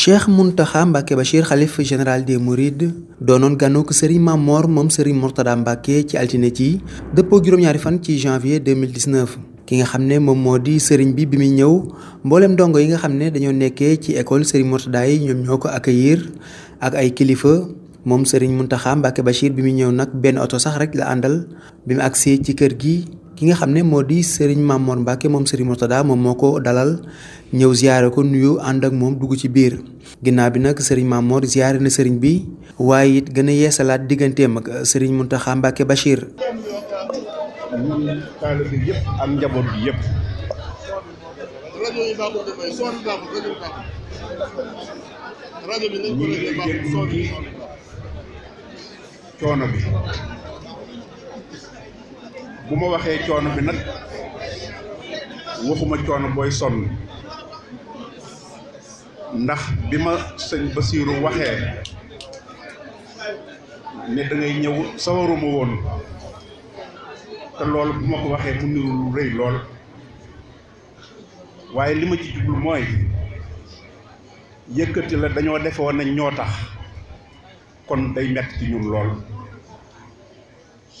cheikh Mountakha Mbacké Bachir xalif général des Mourides doonoon gànnook sëriñ Mamor moom sëriñ Mourtada Mbacké ci altine ci dëppoo juróom-ñaari fan ci janvier 2019 ki nga xam ne moom moo di sëriñ bi bi muy ñëw mbooleem ndongo yi nga xam ne dañoo nekkee ci école sëriñ Mourtada yi ñoom ñoo ko ak yiir ak ay kilifa moom sëriñ Mountakha Mbacké Bachir bi muy ñëw nag benn oto sax rek la àndal bi mu agsee ci kër gi ki nga xam ne moo di Serigne Mamor Mbacke moom Serigne Mourtada moom moo ko dalal ñëw ziare ko nuyu ànd ak moom dugg ci biir ginnaaw bi nag Serigne Mamor ziare na Serigne bi waaye it gën a yeesalaat digganteem ak Serigne Mountakha Mbacke bu ma waxee coono bi nag waxuma coono booy sonn ndax bi ma sëñ Basiiru waxee ne da ñëw sawaruma woon te loolu bu ma ko waxee mu lu rëy lool waaye li ma ci jublu mooy yëkkati la dañoo defoon nañ ñoo tax kon day metti ci ñun lool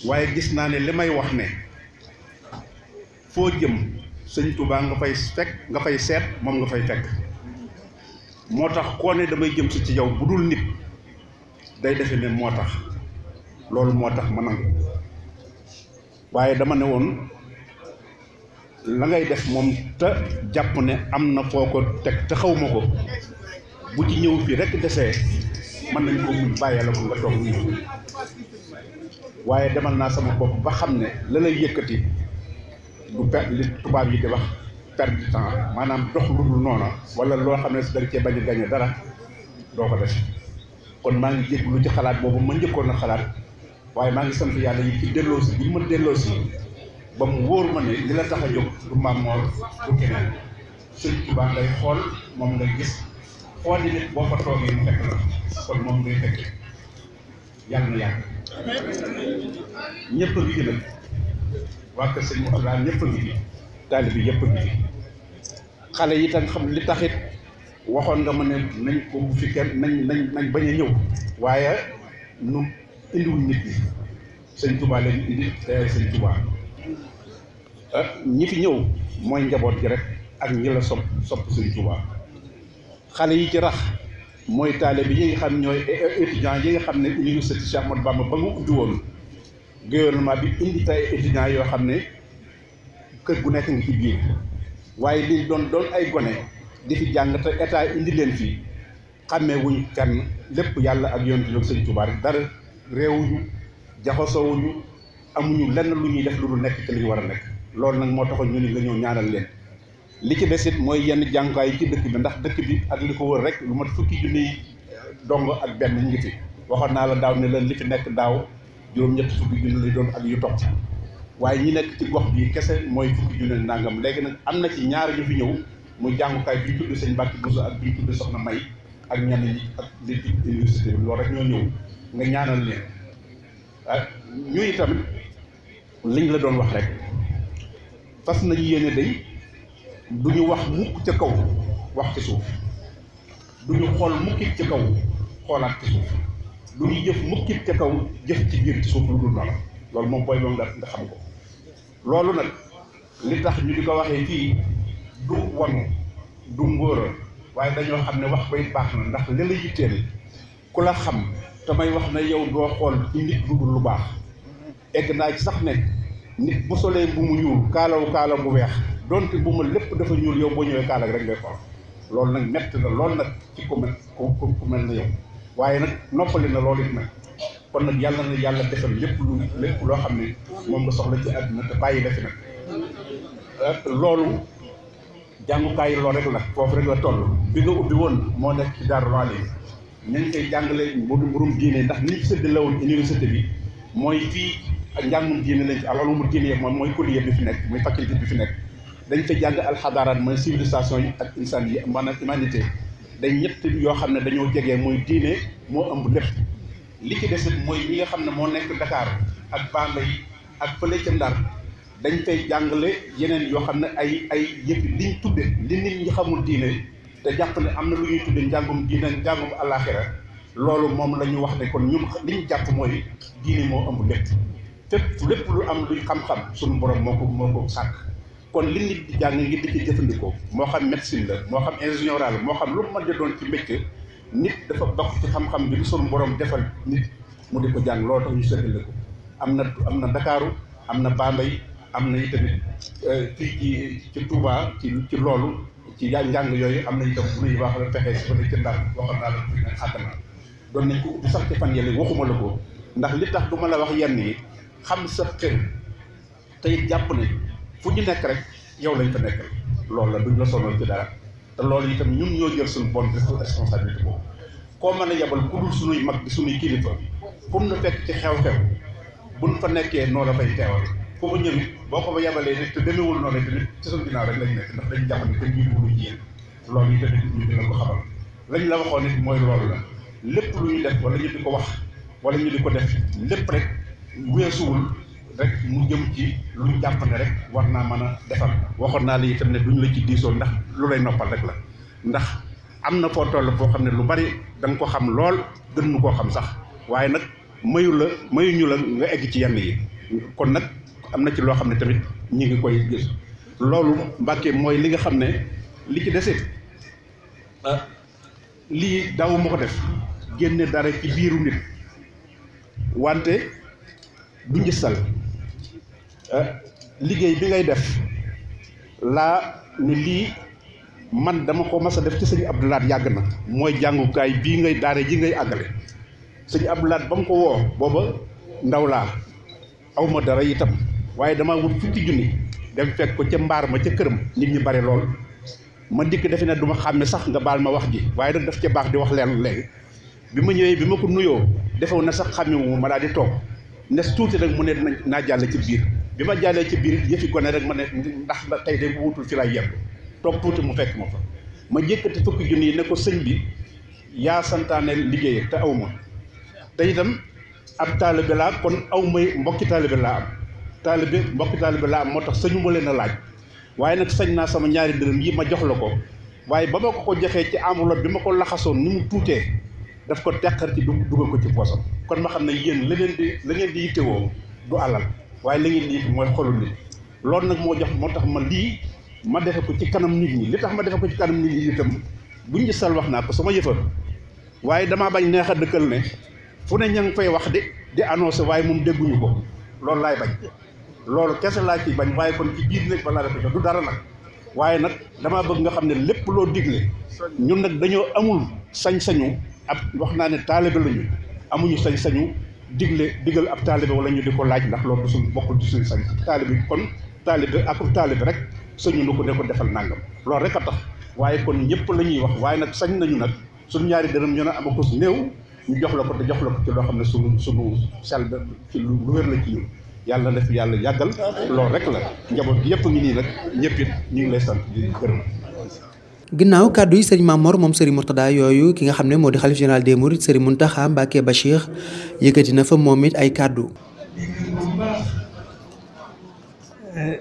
waaye gis naa ne li may wax ne foo jëm sëñ Touba nga fay fekk nga fay seet moom nga fay fekk moo tax koo ne damay jëm si ci yow bu dul nit day defe ne moo tax loolu moo tax ma nangu waaye dama ne woon la ngay def moom te jàpp ne am na foo ko teg te xaw ko bu ci ñëw fii rek desee mën nañ ko muñ bàyyee la ko nga toog waaye demal naa sama bopp ba xam ne la lay yëkkati du per li tubaab yi di wax per du temps maanaam dox lu dul noona wala loo xam ne da nga cee bañ a gañe dara doo ko def kon maa ngi lu ci xalaat boobu ma njëkkoon na xalaat waaye maa ngi sant yàlla yi ci delloosi si bi ma delloo si ba mu wóor ma ne li la tax a jóg du maam moor du keneen sëñ Tuubaa ngay xool moom ngay gis xool yi nit boo fa toogee mu fekk la kon moom ngay fekk yàlla na ñëpp a ngi ci nag waa Kër Sëñ Moussa ñëpp a ngi ci taalib yi ñëpp a ngi xale yi tam xam li taxit waxoon nga ma ne nañ ko fi kenn nañ nañ nañ bañ a ñëw waaye nu indiwuñ nit ñi sëñ Touba leen indi te sëñ Touba ah, ñi fi ñëw mooy njaboot gi rek ak ñi la sopp sopp sëñ Touba xale yi ci rax. mooy taale bi ñi nga xam ñooy étudiants yi nga xam ne université Cheikh Ahmadou ma ba mu ubbi woon gouvernement bi indi tay étudiants yoo xam ne kër gu nekk nga ci biir waaye liñ doon doon ay gone di fi jàng te état indi leen fii xàmmee wuñ kenn lépp yàlla ak yoon yonent bi sëñ Tuubaa dara réewuñu jaxasoowuñu amuñu lenn lu ñuy def lu dul nekk ci li ñu wara a nekk loolu nag moo taxoon ñu ni nga ñëw ñaanal leen li ci des mooy yenn jàngukaay yi ci dëkk bi ndax dëkk bi ak li ko wër rek lu mat fukki junniy eh, dong ak benn ñu waxoon naa la daaw ne la li fi nekk daaw juróom-ñett fukki junni lay doon ak yu topp waaye ñi nekk ci gox bii kese mooy fukki junni nangam léegi nag am na ci ñaar ñu fi ñëw mu jàngukaay bi ñu tudd sëñ Mbàkke ak bi ñu tudd Soxna May ak ñenn ñi ak li ci université loolu rek ñoo ñëw nga ñaanal leen ah ñuy tamit liñ la doon wax rek fas nañu yéene day du ñu wax mukk ca kaw wax ci suuf du ñu xool mukkit ca kaw xoolaat ci suuf du ñu jëf mukkit ca kaw jëf ci biir suuf lu dul dara loolu moom booy moom nga nga xam ko loolu nag li tax ñu di ko waxee fii du wanu du ngóora waaye dañoo xam ne wax bay baax na ndax li la yitteel ku la xam damay wax na yow doo xool ci nit lu dul lu baax egg naa sax ne nit bu solee bu mu ñuul kaalaw kaalaw bu weex donte bu lépp dafa ñuul yow boo ñëwee kaalag rek ngay xool loolu nag mett na loolu nag ci ku mel ku mel na yow waaye nag noppali na loolu it kon nag yàlla na yàlla defal lépp lu lépp loo xam ne moom nga soxla ci àdduna te bàyyi la fi nag euh, loolu jàngukaay loolu rek la foofu rek la toll bi nga ubbi woon moo nekk ci Darou Alim nañ koy jàngale mburum diine ndax ni ñu séddale woon mooy fii njàngum diine lañ ci mu diine moom mooy kuréel bi fi nekk muy faculté bi fi nekk dañ fa jàng alxadaraat mooy civilisation yi ak insaan yi maanaam humanité dañ ñett yoo xam ne dañoo jege mooy diine moo ëmb lépp li ci des mooy ñi nga xam ne moo nekk Dakar ak Bambey ak fële ca dañ fay jàngale yeneen yoo xam ne ay ay yëpp liñ tudde xamul diine te jàpp ne am na lu ñuy tudde njàngum diine njàngum àllaaxira loolu moom la wax ne kon ñun li ñu jàpp mooy diine moo ëmb lépp lu am luy xam-xam suñu borom moo ko moo ko sàkk kon li nit di jàng ngir di ci jëfandikoo moo xam médecine la moo xam ingénieur la moo xam lu mën di doon ci métier nit dafa bokk ci xam-xam bi suñu borom defal nit mu de ko jàng loolu tax ñu seetlu ko am na am na Ndakaaru am na Bambey am na itamit euh, fii ci ci Touba ci ci loolu ci njàng yooyu am na itam bu ñuy wax la fexe su ko ci ndar waxoon naa la fi nag àgg na doon nañ ko ubbi sax ci fan yële waxuma la ko ndax li tax du ma la wax yenn yi xam sa xër tey jàpp nañ. fu ñu nekk rek yow lañ fa nekk loolu la duñ la sonal ci dara te loolu itam ñun ñoo jël suñu bonne responsabilité boobu koo mën a yebal ku dul suñuy mag bi suñuy kilifa pour nu fekk ci xew-xew buñ fa nekkee noo la fay teewal ku fa ñëwit boo ko fa yebalee nit te demewul noonu tamit ci suñu ginnaaw rek lañ nekk ndax dañ jàpp ne te jiibuwulu jiyéen loolu ñu dina ko xamal lañ la waxoo nit mooy loolu la lépp lu ñu def wala ñu di ko wax wala ñu di ko def lépp rek weesuwul rek mu jëm ci lu jàpp ne rek wax naa mën a defar waxoon naa la itam ne duñ la ci diisoo ndax lu lay noppal rek la ndax am na foo toll foo xam ne lu bari da nga ko xam lool gën nu koo xam sax waaye nag mayu la mayuñu la nga egg ci yenn yi kon nag am na ci loo xam ne tamit ñi ngi koy gis loolu Mbàkke mooy li nga xam ne li ci desit ah, lii daaw ma ko def génne dara ci biiru nit wante du njësal Euh, liggéey bi ngay def laa ne lii man dama ko mas a def ci sëñ Abdou Lahad yàgg na mooy jàngukaay bii ngay daare ji ngay àggale sëñ Abdou Lahad ba mu ko woo booba ndaw laa awma ma dara itam waaye dama wut fukki junni dem fekk ko ca mbaar ma ca këram nit ñi bari lool ma dikk defe na du ma xàmme sax nga baal ma wax ji waaye nag daf ca baax di wax leen léegi bi ma ñëwee bi ma ko nuyoo defew na sax xàmme mu ma daal di toog nes tuuti nag mu ne naa jàll ci biir bi ma jàllee ci biir yëfi gone rek ma ne ndax na tey de bu wutul fi laay yemb toog tuuti mu fekk ma fa ma yëkkati fukki junni yi ne ko sëñ bi yaa santaane liggéey te aw ma te itam ab taalibe laa kon aw may mbokki taalibe laa am taalibe mbokki taalibe laa am moo tax sëñuma leen a laaj waaye nag sañ naa sama ñaari dërëm yi ma jox la ko waaye ba ma ko ko joxee ci enveloppe bi ma ko laxasoon ni mu tuutee daf ko teqar ci dugg dugal ko ci poosam kon ma xam ne yéen la ngeen di la ngeen di yittewoo waaye léegi ngeen mooy xolu nit loolu nag moo jox moo tax ma lii ma defe ko ci kanam nit ñi li tax ma defe ko ci kanam nit ñi itam buñ gisal wax naa ko ma yëfa waaye damaa bañ neex a dëkkal ne fu ne ña ngi fay wax de di annoncé waaye moom dégguñu ko loolu laay bañ loolu kese laa ci bañ waaye kon ci biir nag balaa dafa jox du dara nag waaye nag damaa bëgg nga xam ne lépp loo digle ñun nag dañoo amul sañ-sañu ab wax naa ne taalibe lañu amuñu sañ-sañu digle digal ab taalibe wala ñu di ko laaj ndax loolu du suñ bokkul du suñ sañ taalibe kon taalibe akub taalibe rek sañu nu ko ne defal nàngam lool rek a tax waaye kon ñëpp la ñuy wax waaye nag sañ nañu nag suñ ñaari dërëm ñu ne am ko néew ñu jox la ko te jox la ko ci loo xam ne suñu suñu sel ci lu wér la kii ñun yàlla na fi yàlla yàggal loolu rek la njaboot gi yëpp ngi nii nag ñëpp ñu ngi lay sant di gërëm ginnaaw kàddu yi sëriñ Mamor moom sëriñ Mourtada yooyu ki nga xam ne moo di xalif général des Mourides sëriñ taxa Mbacké Bachir yëkkati na fa moom it ay kàddu. Eh,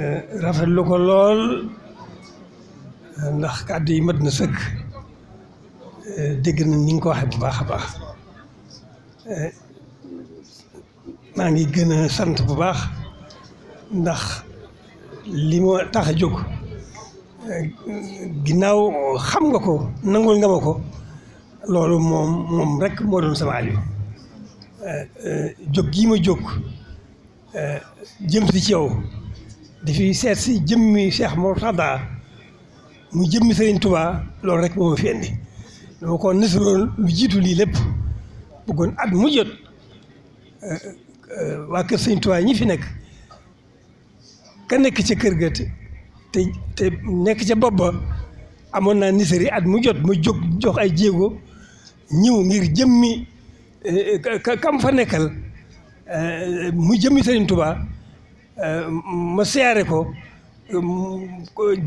eh, rafetlu ko lool ndax kàddu yi mat na sëkk eh, dégg nañ ni nga ko waxe bu baax a baax maa ngi gën a sant bu baax ndax li ma tax a jóg. ginnaaw xam nga ko nangul nga ma ko loolu moom moom rek moo doon sama àll eh, eh, jóg gii ma jóg eh, jëm si ci yow dafiy seet si jëmmi Cheikh Mourtada mu jëmmi Serigne Touba loolu rek moo ma fi indi dama ko nasuroon lu jiitu lii lépp bëggoon at mu jot waa kër Serigne Touba ñi fi nekk ka nekk ca kër ga te te nekk ca bopp ba amoon naa nisari at mu jot mu jóg jox ay jéego ñëw ngir jëmmi eh, kam fa nekkal eh, mu jëmmi Sëriñ Tuubaa eh, ma siyaare ko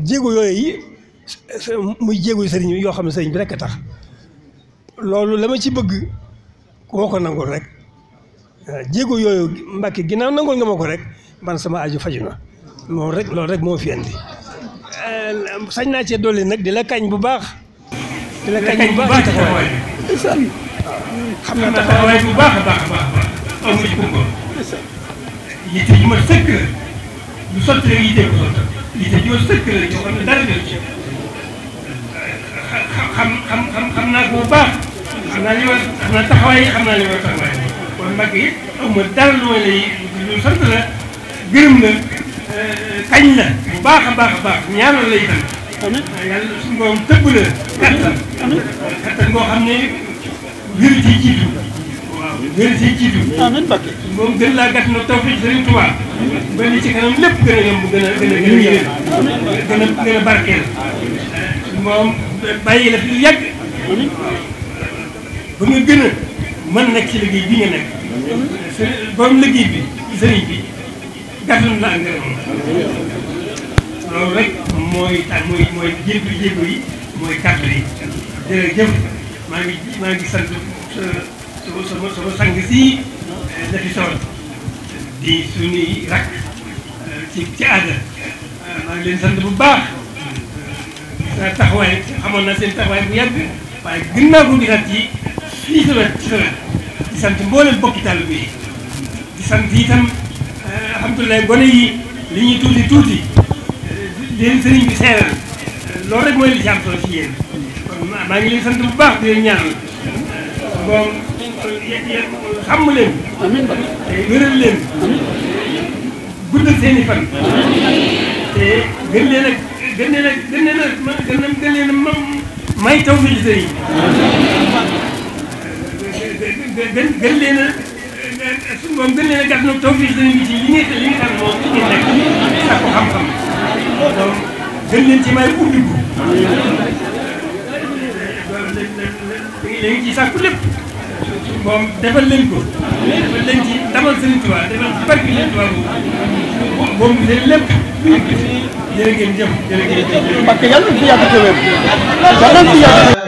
jéego yooyu muy jéego sëriñ yoo xam ne sëriñ bi rekk a tax loolu la ma ci bëgg woo ko nangul rek jéego yooyu Mbàkke ginnaaw nangul nga ma ko rek man sama aju faju na moom rek loolu rek moo fi andi euh, sañ naa cee dolli nag di la kañ bu baax. di la kañ bu baax taxawaay xam naa taxawaay bu baax a baax a baax am nga ci ko yitte ju ma sëkk lu sotti rek yitte ko sotti yitte ju ma sëkk la joo xam ne dara jot ci xam xam xam xam naa ko bu baax xam naa li ma xam naa taxawaay xam naa li ma taxawaay kon mag yi amuma dara lu ma lay lu sant la gërëm la. kañ la bu baax baax a baax ñaanal la itam. amiin yàlla suñu borom la kattan. kattan ngoo xam ne wér ci jiitu. waaw wér ci jiitu. amiin moom gën laa gàtt na tawfeex Sëriñ Tuubaa. ba li kanam lépp gën a yomb gën a gën a gën a moom bàyyi la fi lu yàgg. ba nga gën a mën nag ci liggéey bi nga nekk. borom liggéey bi sëriñ bi. kattanam la ak ngërëm loolu rek mooy tax mooy mooy jéego jéego yi mooy kàddu yi jërëjëf maa ngi maa ngi sant sama euh, sama sama sang si la euh, di suñuy rakk euh, ci ci maa ngi leen sant bu baax sa taxawaay xamoon naa seen taxawaay bu yàgg waaye gën naa ko gisaat ci fii sa wet ci di sant mboolem bokki tàll bi di sant itam alhamdulilah gone yi li ñuy tuuti tuuti leen sëriñ bi seeral loolu rek mooy li ci ci yéen maa ngi leen sant bu baax di leen ñaanal bon xam leen. amiin te leen. guddal seen fan. te gën leen gën leen ma gën leen gën may taw sëriñ. gën leen a. suñu moom gën leen a gàtt nag taw fii leen ci may ubbi ko. léegi ci sàkku lépp moom defal leen ko. defal leen ci damal Sëriñ Tuubaa defal ci barke Sëriñ Tuubaa boobu moom leen lépp. jërë ngeen jëf jërë ngeen jëf. parce que yàlla na fi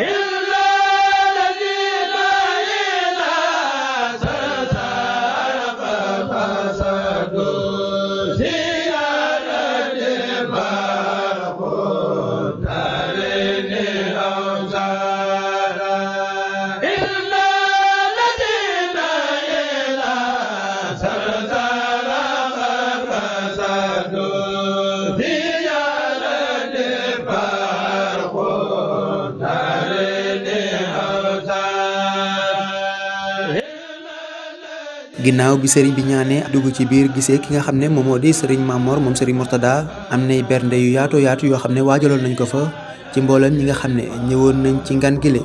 ginnaaw bi sëriñ bi ñaanee dugg ci biir gisee ki nga xam ne moomoo moo di sëriñ Mamor moom sëriñ Mortada am nay bernde yu yaatoo yaatu yoo xam ne waajaloon nañ ko fa ci mboolem ñi nga xam ne ñëwoon nañ ci ngan gile